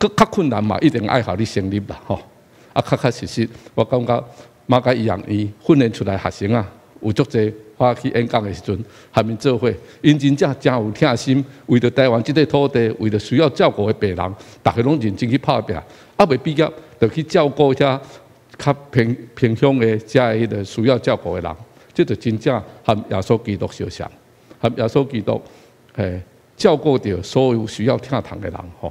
佫較困難嘛，一定愛互哩成立啦吼。啊，確確實實，我感覺嘛，甲醫院伊訓練出來學生啊，我去的真的真有足濟發起演講嘅時陣，下面做伙，因真正誠有疼心，為着台灣這塊土地，為着需要照顧嘅病人，大家攏認真去拍拼，啊，未必要着去照顧一下較偏偏向嘅，即個需要照顧嘅人，即個真正合耶穌基督相像，合耶穌基督，誒、欸，照顧着所有需要疼痛嘅人吼。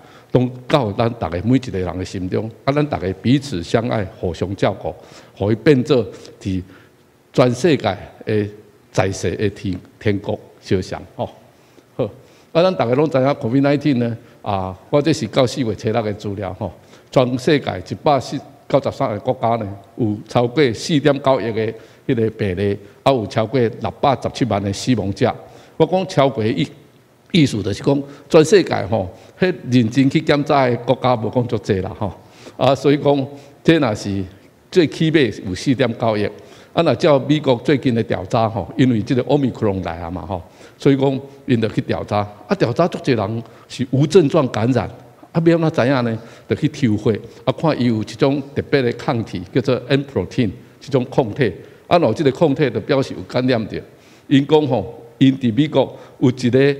攏到咱大家每一個人嘅心中，啊，咱大家彼此相愛，互相照顧，互伊變做佇全世界誒在世誒天天國相哦，好，啊，咱大家攏知影，COVID-19 呢，啊，我即是到四月初六嘅資料吼，哦，全世界一百四九十三個國家呢，有超過四點九億嘅迄個病例，啊有超過六百十七萬嘅死亡者，我講超過一。意思就是講，全世界吼、哦，迄認真去檢查嘅國家，無講足濟啦，吼啊，所以講，這若是最起碼有四點交易。啊，那照美國最近嘅調查吼，因為即個奧密克戎來啊嘛，吼，所以講，因着去調查，啊，調查足濟人是無症狀感染，啊，要安怎知影呢？着去抽血，啊，看伊有一種特別嘅抗體，叫做 N- protein，即種抗體，啊，然後即個抗體就表示有感染着。因講吼，因在美國有一個。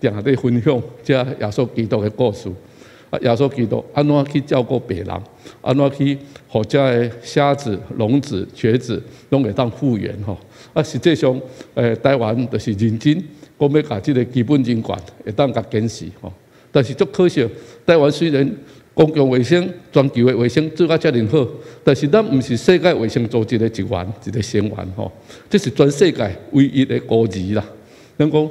定下啲分享，即係耶穌基督嘅故事。啊，耶穌基督，安怎去照顧別人？安怎去學者誒瞎子、聾子、瘸子，攏會當復原吼。啊，實際上，誒，台灣著是認真講要家姐嘅基本人權，會當家堅持吼。但是足可惜，台灣雖然公共衛生、全球嘅衛生做遮爾好，但是咱唔是世界衛生組織嘅一員，一個成員吼。即是全世界唯一嘅孤兒啦，點講？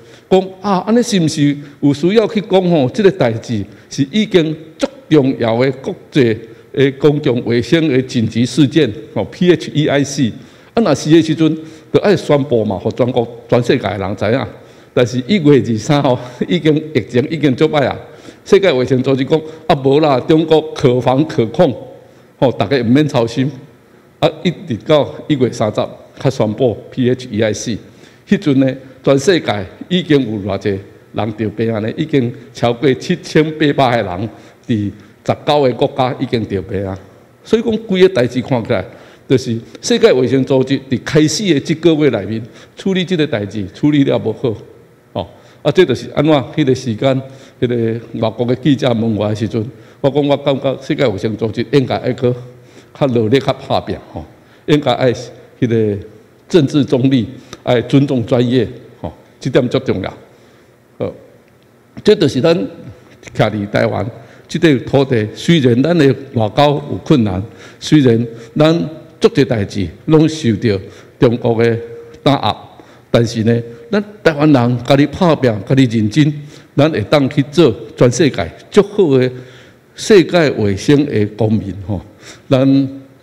講啊，安尼是唔是有需要去講哦？呢、這個代志是已經足重要嘅國際嘅公共衛生嘅緊急事件哦 （PHEIC）。咁安尼是嗰時陣著愛宣布嘛，互全國全世界的人知啊。但是一月二三號已經疫情已經足歹啊！世界衛生組織講啊，冇啦，中國可防可控，哦，大家唔免操心。啊，一直到一月三十，才宣布 PHEIC，嗰陣咧。全世界已經有偌濟人得病啊，已經超過七千八百的人，佇十九個國家已經得病啊！所以講規個代志看起來，就是世界衛生組織佇開始的這幾個月內面處理呢個代志處理了無好，哦！啊，即就是安怎迄、那個時間，迄、那個外國的記者問我的時陣，我講我感覺世界衛生組織應該愛閣，較努力較拍拚吼，應該愛迄個政治中立，愛尊重專業。呢點最重要，誒，即係就是咱住在台灣呢塊土地，雖然咱嘅外交有困難，雖然咱做啲大事，攏受到中國嘅打壓，但是呢，咱台灣人家你打拼，家你認真，咱會當去做全世界最好嘅世界衛生嘅公民，吼、哦，咱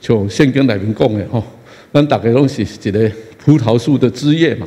像聖經內面講嘅，吼、哦，咱大家都是一個葡萄樹嘅枝葉嘛。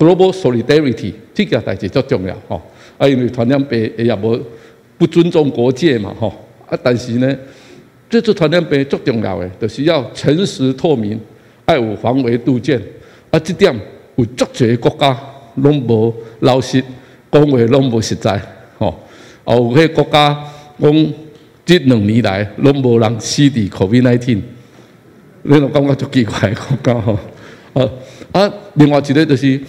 Global solidarity 呢件代誌足重要，吼，啊，因為傳染病也冇不尊重國界嘛，吼，啊，但是呢，呢次傳染病足重要嘅，就是要誠實透明，愛有防微杜漸，啊，這點有足多國家攏冇老實，講話攏冇實在，吼，啊，有啲國家講，即兩年來攏冇人死佇 COVID-19，你攏感覺足奇怪，國家吼，啊，啊，另外，一咧就是。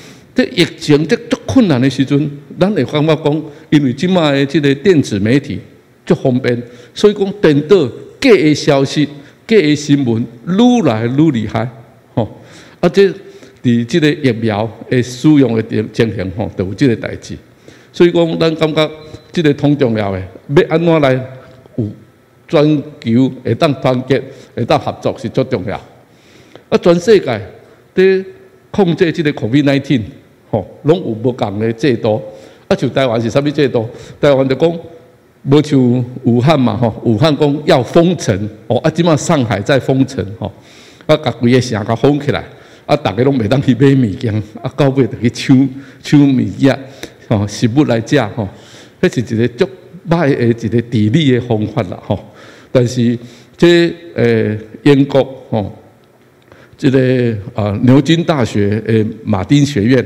疫情即足困難嘅時陣，咱會感覺講，因為即賣即個電子媒體足方便，所以講，顛倒假嘅消息、假嘅新聞，越來越厲害，哦，啊，且，佇即個疫苗嘅使用嘅情形，哦，就有呢個代志，所以講，咱感覺，即個好重要嘅，要安怎來有全球會當團結、會當合作，是最重要。啊，全世界都控制呢個 COVID-19 吼，攏有無共的制度。啊像台灣是啥物制度？台灣就講無像武漢嘛，吼，武漢講要封城，哦，啊即擺上海再封城，吼、啊，啊隔幾個城佢封起來，啊逐個攏袂當去買物件，啊到尾就去搶搶物件，吼，食、啊、物來食，吼、啊，迄是一個足歹嘅一個治理嘅方法啦，吼、啊，但是即、這、誒、個欸、英國，吼、啊，即、這個，啊牛津大學，誒馬丁學院。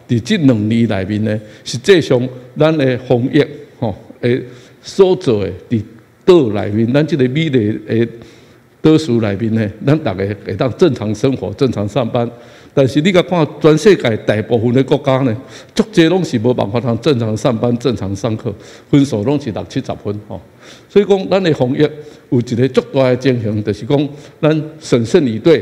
喺這兩年內面咧，實際上，咱的防疫，吼誒所做的喺島內面，咱即個美麗嘅島嶼內面呢，咱大家會當正常生活、正常上班。但是你家看全世界大部分的國家呢，足多都是無辦法當正常上班、正常上課，分數都是六七十分，吼。所以講咱的防疫有一個足大的進行，就是講咱審慎以對。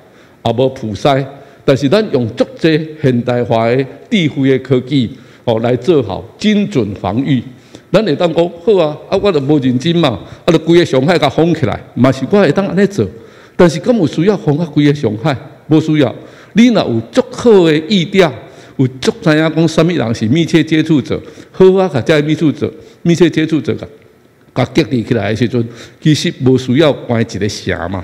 啊！冇普篩，但是咱用足多現代化的智慧的科技，哦，嚟做好精準防禦。咱會當講好啊，啊我哋冇認真嘛，啊！我規個上海甲封起來嘛，是我會當安尼做。但是咁有，有需要封啊，規個上海冇需要。你嗱有足好的意調，有足知啊講什麼人是密切接觸者，好啊！甲即係密切者，密切接觸者噶，佢隔離起來的時陣，其實冇需要關一個城嘛。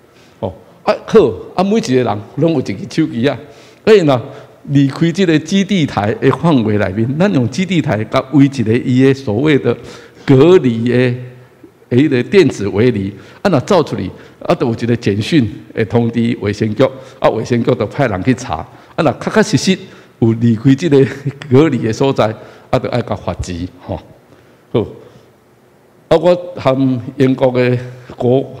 啊好，啊，每一個人，攏有一支手機啊。所以呢，離開即個基地台誒範圍內面，咱用基地台甲圍一個誒所謂嘅隔離誒誒嘅電子圍籬，啊嗱走出嚟，啊就有一個簡訊會通知衛生局，啊衛生局就派人去查，啊若確確實實有離開即個隔離誒所在，啊就愛甲罰錢，吼。好，啊我含英國誒國。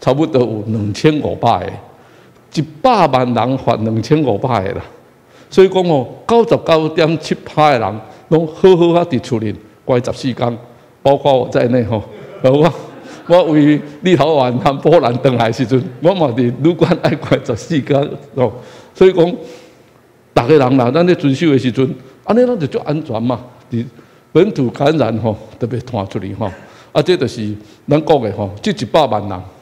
差不多有兩千五百個，一百萬人發兩千五百個啦，所以講哦，九十九點七八個人，都好好啊！佇厝內，關十四天，包括我在內吼，好嘛？我為立陶宛同波蘭返來時陣，我嘛佇旅館要關十四天咯，所以講大家人啦，咱喺遵守的時陣，安尼咱就足安全嘛，佇本土感染吼特別拖出去吼，啊，即係就是咱講的吼，即一百萬人。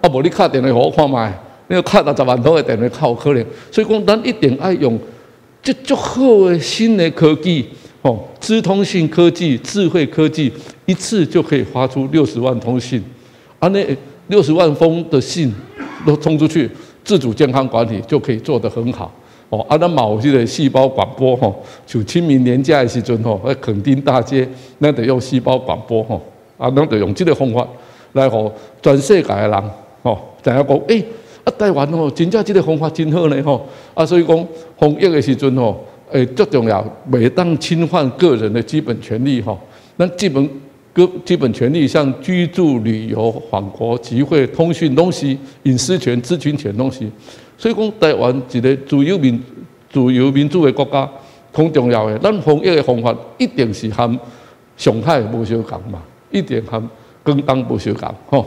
啊！冇你卡電話，我看埋。你要卡六十萬通嘅電話，卡有可能。所以講，咱一定愛用足足好嘅新嘅科技，哦，資通信科技、智慧科技，一次就可以發出六十萬通信。啊，呢六十萬封嘅信都通出去，自主健康管理就可以做得很好。哦，啊，那某啲嘅細胞廣播，哦，就清明年假嘅時陣，哦，喺墾丁大街，咱得用細胞廣播，哦，啊，咱得用呢個方法來互全世界嘅人。哦，大家講誒，啊台灣哦，真揸呢個方法真好咧，吼、哦！啊，所以講防疫嘅時陣喎，誒，最重要，未當侵犯個人的基本權利，吼、哦。那基本個基本權利，像居住、旅遊、返國、集會通訊、攏是、隱私權、知情權攏是，所以講台灣一個自由民主、自由民主的國家，好重要嘅。咱防疫嘅方法，一定是含上海不少講嘛，一定含更當不少講，吼、哦。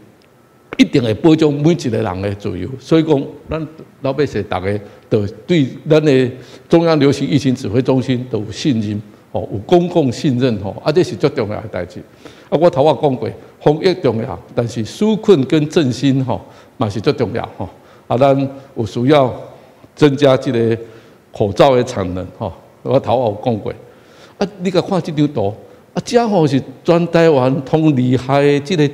一定會保障每一個人嘅自由，所以講，咱老百姓大家都對咱嘅中央流行疫情指揮中心都有信任，哦，有公共信任，哦，啊即是最重要嘅代誌。啊，我頭話講過防疫重要，但是紓困跟振興吼，嘛是最重要，吼。啊，咱有需要增加即個口罩嘅產能，吼。我頭話講過。啊，你個看這張圖啊，正好係全台灣通厲害嘅即、這個。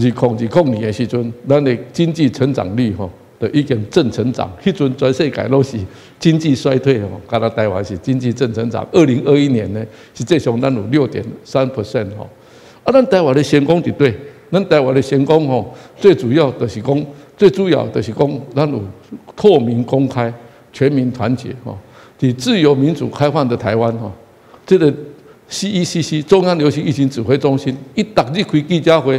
是控制控年嘅時陣，咱嘅經濟成長率吼，都已經正成長。迄陣全世界都是經濟衰退吼，咱台灣是經濟正成長。二零二一年呢，是最種咱有六點三 percent 啊，咱台灣的成功就對，咱台灣嘅成功吼，最主要就是講最主要就是講咱有透明公開、全民團結吼，以自由民主開放的台灣吼，這個 C.E.C.C. 中央流行疫情指揮中心一打一可以記者會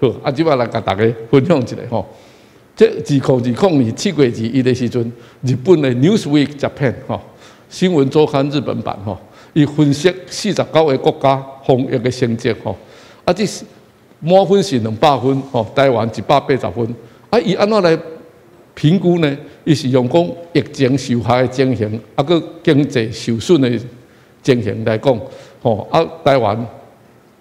好啊，即擺來甲大家分享一下，吼、哦，即自控自控二零二一年七月二十一嘅時陣，日本嘅 Newsweek Japan、哦、吼，新聞周刊日本版吼，伊、哦、分析四十九個國家防疫嘅成績吼、哦，啊即滿分是兩百分，吼、哦，台灣一百八十分，啊伊安怎來評估呢，伊是用講疫情受害嘅情形，啊，擱經濟受損嘅情形來講吼、哦，啊，台灣。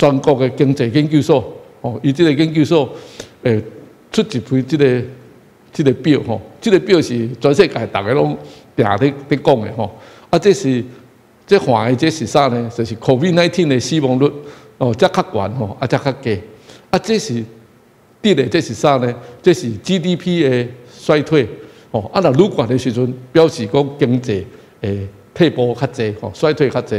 全國的經濟研究所，哦，伊即個研究所，誒，出一張即個即個表，哦，即個表是全世界逐個攏定佇佇講嘅，哦，啊，這是即係橫嘅，這是啥呢？就是 COVID nineteen 嘅死亡率，哦，即較懸，緩，哦，啊，即係低，啊，這是跌嘅，這是啥呢？這是 GDP 嘅衰退，哦，啊，嗱，如果愈懸嘅時陣表示講經濟，誒，退步較多，哦，衰退較多。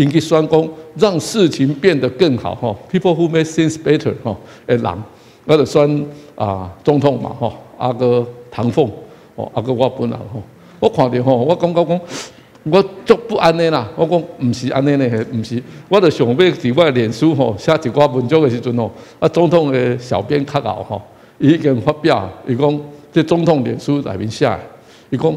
引起雙功，讓事情變得更好哈。People who make things better 哈，誒，郎，我着雙啊，總統嘛哈，阿、啊、個唐鳳，哦、啊，阿個我本人哈，我看到吼，我講到講，我足不安定啦，我講唔是安定嘞，唔是，我着上尾幾掛臉書吼，寫一掛文章嘅時陣吼，阿總統嘅小編卡老吼，已經發表，伊講，即總統臉書在邊寫，伊講。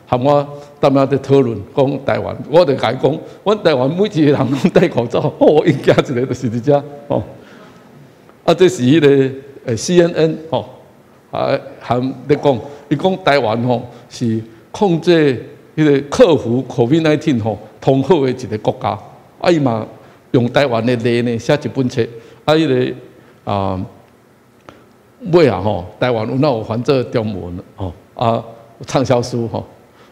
同我啱啱在討論講台灣，我哋講，我台灣每次人講帶口罩，好一家一個就是呢隻哦。啊，即是呢，誒 C N N 哦，啊，含你講，你講台灣哦，是控制呢個克服 COVID-19 哦，統合嘅一個國家。啊，伊嘛，用台灣嘅例呢寫一本書。啊，個啊，尾啊，吼，台灣有哪有反著中文哦，啊，暢銷書哦。啊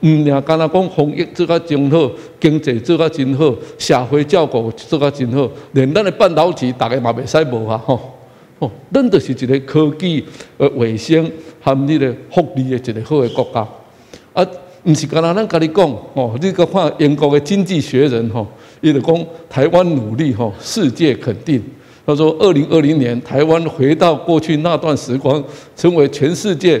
唔，呀，干那講防疫做甲真好，經濟做甲真好，社會照顧做甲真好，連咱的半導體，大概嘛未使無啊！吼，吼，咱就是一個科技、呃衛生含呢個福利嘅一個好嘅國家。啊，唔是干那咱甲汝講，吼、哦，汝閣看英國嘅經濟學人吼，伊、哦、就講台灣努力吼、哦，世界肯定。他說2020年，二零二零年台灣回到過去那段時光，成為全世界。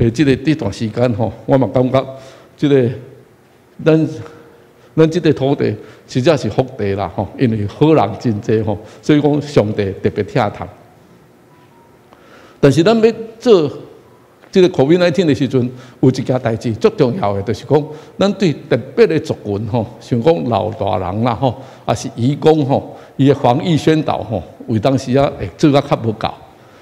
喺即個呢段時間吼，我嘛感覺即、這個咱咱即個土地，實際是福地啦，吼，因為好人真多吼，所以講上帝特別疼。但是，咱要做即個苦命那聽的時陣，有一件大事，最重要的就是講咱對特別的族羣吼，想講老大人啦，吼，啊是移工吼，伊嘅防疫宣導吼，有陣時啊，做得恰唔夠。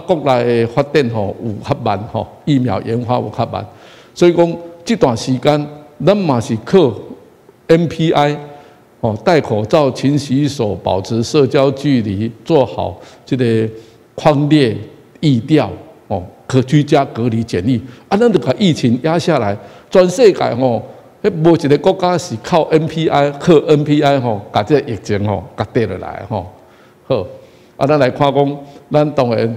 國內的發展吼有較慢吼，疫苗研發有較慢，所以講呢段時間咱嘛是靠 NPI 哦，戴口罩、勤洗手、保持社交距離、做好呢個匡列疫調哦，可居家隔離檢疫。啊，咱就把疫情壓下來，全世界哦，冇一個國家是靠 NPI 靠 NPI 哦，搞個疫情哦，搞跌落嚟吼。好，啊，咱嚟看講，咱當然。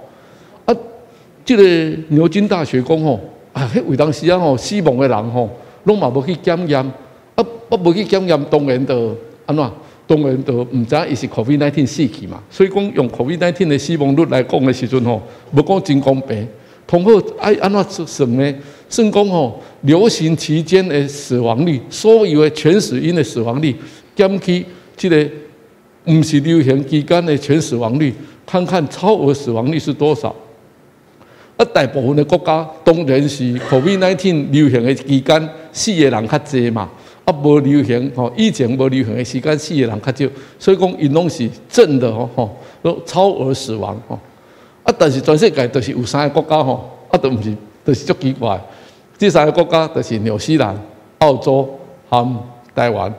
即個牛津大學講吼，啊，迄為當時啊吼，死亡嘅人吼，攏嘛無去檢驗，啊，啊無去檢驗，當然就安怎，當然就唔知伊是 Covid nineteen 死去嘛。所以講用 Covid nineteen 的死亡率來講嘅時陣吼，無講真公平，同好哎安、啊、怎算呢？算講吼，流行期間嘅死亡率，所有嘅全死因嘅死亡率，減去即個唔是流行期間嘅全死亡率，看看超額死亡率是多少。啊、大部分的國家，當然是 COVID-19 流行嘅期間死的人較多嘛。啊，冇流行，吼，以前冇流行的時間死的人較少，所以講因攏是正的吼，吼、哦，都超額死亡，吼、哦。啊，但是全世界都是有三個國家，吼、哦，啊，都唔是，都、就是足奇怪。這三個國家都是紐西蘭、澳洲含台灣，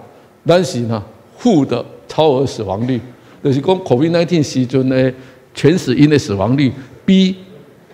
但是呢負的超額死亡率，就是講 COVID-19 時陣嘅全死因嘅死亡率比，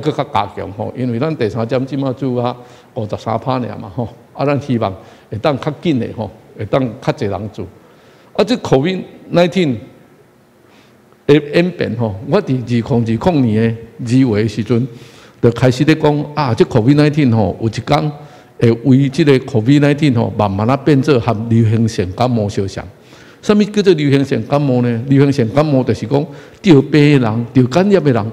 猶閣較加強吼，因為咱第三針只嘛做啊五十三拍爾嘛吼，啊，咱希望會當較緊嘅吼，會當較濟人做。啊，即係 COVID-Nineteen 會演變吼，我佇二零二零年嘅二月的時陣就開始咧講啊，即係 COVID-Nineteen 吼，19, 有一天會為即個 COVID-Nineteen 吼慢慢啊變做和流行性感冒相像。啥物叫做流行性感冒呢？流行性感冒就是講著病嘅人，著感染嘅人。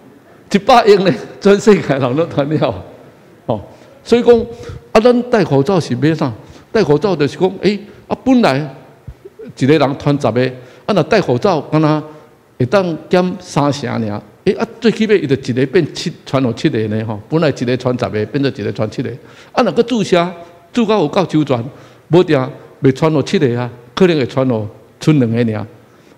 一百億呢，全世界人都傳掉，哦，所以講，阿、啊、咱戴口罩是咩嘢？衫戴口罩就是講，誒，一、啊、本來一個人傳十個，阿若戴口罩，咁啊，會當減三成嘅，誒，啊最起碼要得一個變七，傳落七個咧，嚇，本來一個傳十個，變到一個傳七個，阿若佢注射，注到有夠周轉，冇定未傳落七個啊，可能會傳落剩兩個嘅。